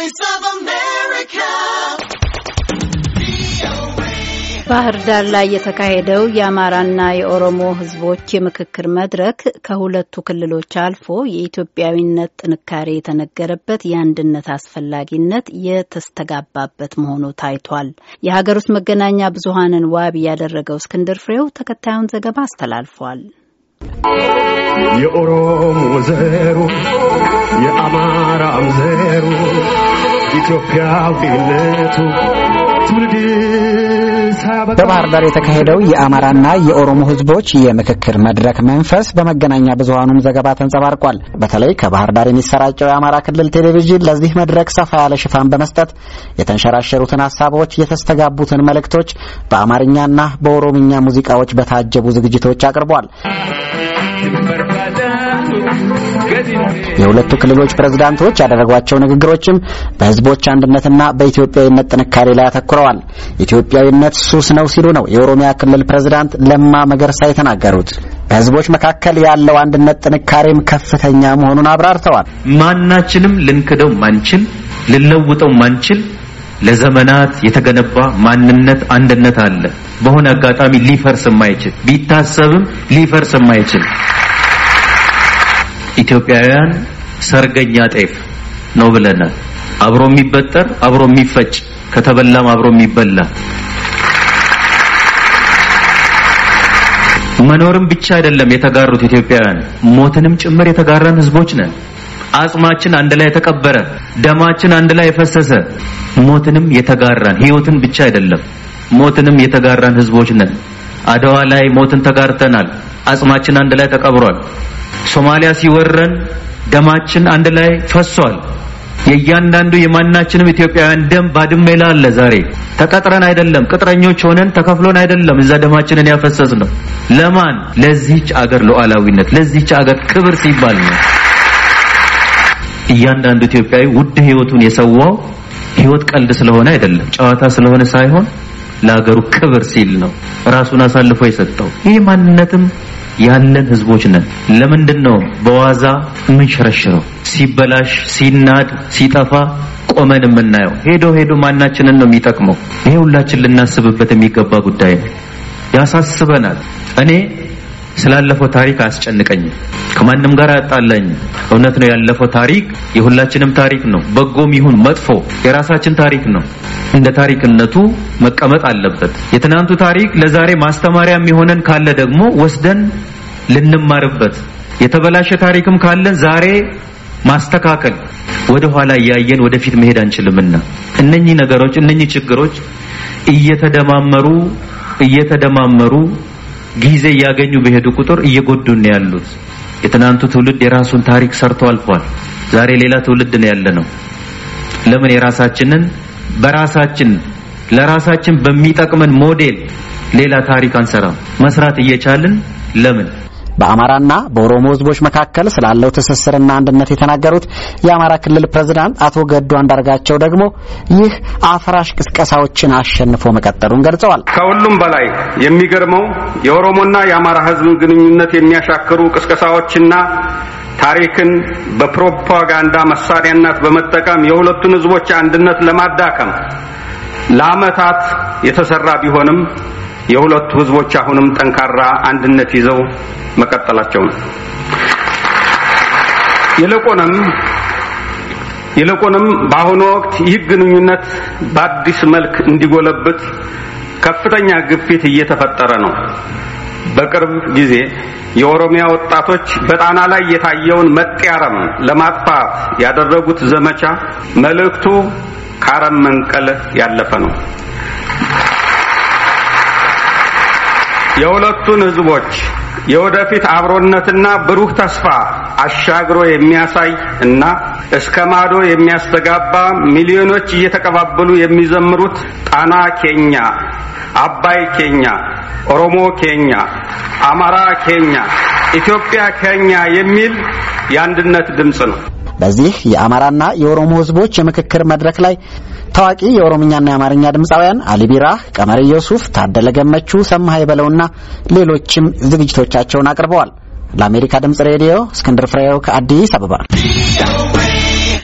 Voice of America. ባህር ዳር ላይ የተካሄደው የአማራና የኦሮሞ ህዝቦች የምክክር መድረክ ከሁለቱ ክልሎች አልፎ የኢትዮጵያዊነት ጥንካሬ የተነገረበት የአንድነት አስፈላጊነት የተስተጋባበት መሆኑ ታይቷል። የሀገር ውስጥ መገናኛ ብዙሀንን ዋቢ ያደረገው እስክንድር ፍሬው ተከታዩን ዘገባ አስተላልፏል። የኦሮሞ ዘሩ የአማራም ዘሩ ኢትዮጵያዊነቱ በባህር ዳር የተካሄደው የአማራና የኦሮሞ ህዝቦች የምክክር መድረክ መንፈስ በመገናኛ ብዙሃኑም ዘገባ ተንጸባርቋል። በተለይ ከባህር ዳር የሚሰራጨው የአማራ ክልል ቴሌቪዥን ለዚህ መድረክ ሰፋ ያለ ሽፋን በመስጠት የተንሸራሸሩትን ሀሳቦች፣ የተስተጋቡትን መልእክቶች በአማርኛና በኦሮምኛ ሙዚቃዎች በታጀቡ ዝግጅቶች አቅርቧል። የሁለቱ ክልሎች ፕሬዝዳንቶች ያደረጓቸው ንግግሮችም በህዝቦች አንድነትና በኢትዮጵያዊነት ጥንካሬ ላይ አተኩረዋል። ኢትዮጵያዊነት ሱስ ነው ሲሉ ነው የኦሮሚያ ክልል ፕሬዝዳንት ለማ መገርሳ የተናገሩት። በህዝቦች መካከል ያለው አንድነት ጥንካሬም ከፍተኛ መሆኑን አብራርተዋል። ማናችንም ልንክደው ማንችል፣ ልለውጠው ማንችል ለዘመናት የተገነባ ማንነት አንድነት አለ። በሆነ አጋጣሚ ሊፈርስ የማይችል ቢታሰብም ሊፈርስ የማይችል ኢትዮጵያውያን ሰርገኛ ጤፍ ነው ብለናል። አብሮ የሚበጠር አብሮ የሚፈጭ ከተበላም አብሮ የሚበላ መኖርም ብቻ አይደለም የተጋሩት ኢትዮጵያውያን ሞትንም ጭምር የተጋራን ህዝቦች ነን። አጽማችን አንድ ላይ የተቀበረ፣ ደማችን አንድ ላይ የፈሰሰ፣ ሞትንም የተጋራን ህይወትን ብቻ አይደለም ሞትንም የተጋራን ህዝቦች ነን። አድዋ ላይ ሞትን ተጋርተናል። አጽማችን አንድ ላይ ተቀብሯል። ሶማሊያ ሲወረን ደማችን አንድ ላይ ፈሷል። የእያንዳንዱ የማናችንም ኢትዮጵያውያን ደም ባድመ ላይ አለ። ዛሬ ተቀጥረን አይደለም፣ ቅጥረኞች ሆነን ተከፍሎን አይደለም። እዛ ደማችንን ያፈሰስ ነው። ለማን? ለዚህች አገር ሉዓላዊነት፣ ለዚህች አገር ክብር ሲባል ነው። እያንዳንዱ ኢትዮጵያዊ ውድ ህይወቱን የሰዋው ህይወት ቀልድ ስለሆነ አይደለም፣ ጨዋታ ስለሆነ ሳይሆን ለሀገሩ ክብር ሲል ነው ራሱን አሳልፎ የሰጠው። ይህ ማንነትም ያለን ህዝቦች ነን። ለምንድን ነው በዋዛ የምንሸረሽረው? ሲበላሽ፣ ሲናድ፣ ሲጠፋ ቆመን የምናየው? ሄዶ ሄዶ ማናችንን ነው የሚጠቅመው? ይሄ ሁላችን ልናስብበት የሚገባ ጉዳይ ነው። ያሳስበናል። እኔ ስላለፈው ታሪክ አያስጨንቀኝም። ከማንም ጋር አያጣላኝም። እውነት ነው፣ ያለፈው ታሪክ የሁላችንም ታሪክ ነው። በጎም ይሁን መጥፎ የራሳችን ታሪክ ነው። እንደ ታሪክነቱ መቀመጥ አለበት። የትናንቱ ታሪክ ለዛሬ ማስተማሪያ የሚሆነን ካለ ደግሞ ወስደን ልንማርበት፣ የተበላሸ ታሪክም ካለን ዛሬ ማስተካከል። ወደ ኋላ እያየን ወደፊት መሄድ አንችልምና እነኚህ ነገሮች እነኚህ ችግሮች እየተደማመሩ እየተደማመሩ ጊዜ እያገኙ በሄዱ ቁጥር እየጎዱን ያሉት። የትናንቱ ትውልድ የራሱን ታሪክ ሰርቶ አልፏል። ዛሬ ሌላ ትውልድ ነው ያለ ነው። ለምን የራሳችንን በራሳችን ለራሳችን በሚጠቅመን ሞዴል ሌላ ታሪክ አንሰራም? መስራት እየቻልን ለምን በአማራና በኦሮሞ ህዝቦች መካከል ስላለው ትስስርና አንድነት የተናገሩት የአማራ ክልል ፕሬዝዳንት አቶ ገዱ አንዳርጋቸው ደግሞ ይህ አፍራሽ ቅስቀሳዎችን አሸንፎ መቀጠሉን ገልጸዋል። ከሁሉም በላይ የሚገርመው የኦሮሞና የአማራ ህዝብ ግንኙነት የሚያሻክሩ ቅስቀሳዎችና ታሪክን በፕሮፓጋንዳ መሳሪያነት በመጠቀም የሁለቱን ህዝቦች አንድነት ለማዳከም ለአመታት የተሰራ ቢሆንም የሁለቱ ህዝቦች አሁንም ጠንካራ አንድነት ይዘው መቀጠላቸው ነው። ይልቁንም ይልቁንም በአሁኑ ወቅት ይህ ግንኙነት በአዲስ መልክ እንዲጎለብት ከፍተኛ ግፊት እየተፈጠረ ነው። በቅርብ ጊዜ የኦሮሚያ ወጣቶች በጣና ላይ የታየውን መጤ አረም ለማጥፋት ያደረጉት ዘመቻ መልእክቱ ከአረም መንቀል ያለፈ ነው። የሁለቱን ህዝቦች የወደፊት አብሮነትና ብሩህ ተስፋ አሻግሮ የሚያሳይ እና እስከ ማዶ የሚያስተጋባ ሚሊዮኖች እየተቀባበሉ የሚዘምሩት ጣና ኬኛ፣ አባይ ኬኛ፣ ኦሮሞ ኬኛ፣ አማራ ኬኛ፣ ኢትዮጵያ ኬኛ የሚል የአንድነት ድምፅ ነው። በዚህ የአማራና የኦሮሞ ህዝቦች የምክክር መድረክ ላይ ታዋቂ የኦሮምኛና የአማርኛ ድምፃውያን አሊቢራ፣ ቀመሪ ዮሱፍ፣ ታደለ ገመቹ፣ ሰማሀይ በለውና ሌሎችም ዝግጅቶቻቸውን አቅርበዋል። ለአሜሪካ ድምፅ ሬዲዮ እስክንድር ፍሬው ከአዲስ አበባ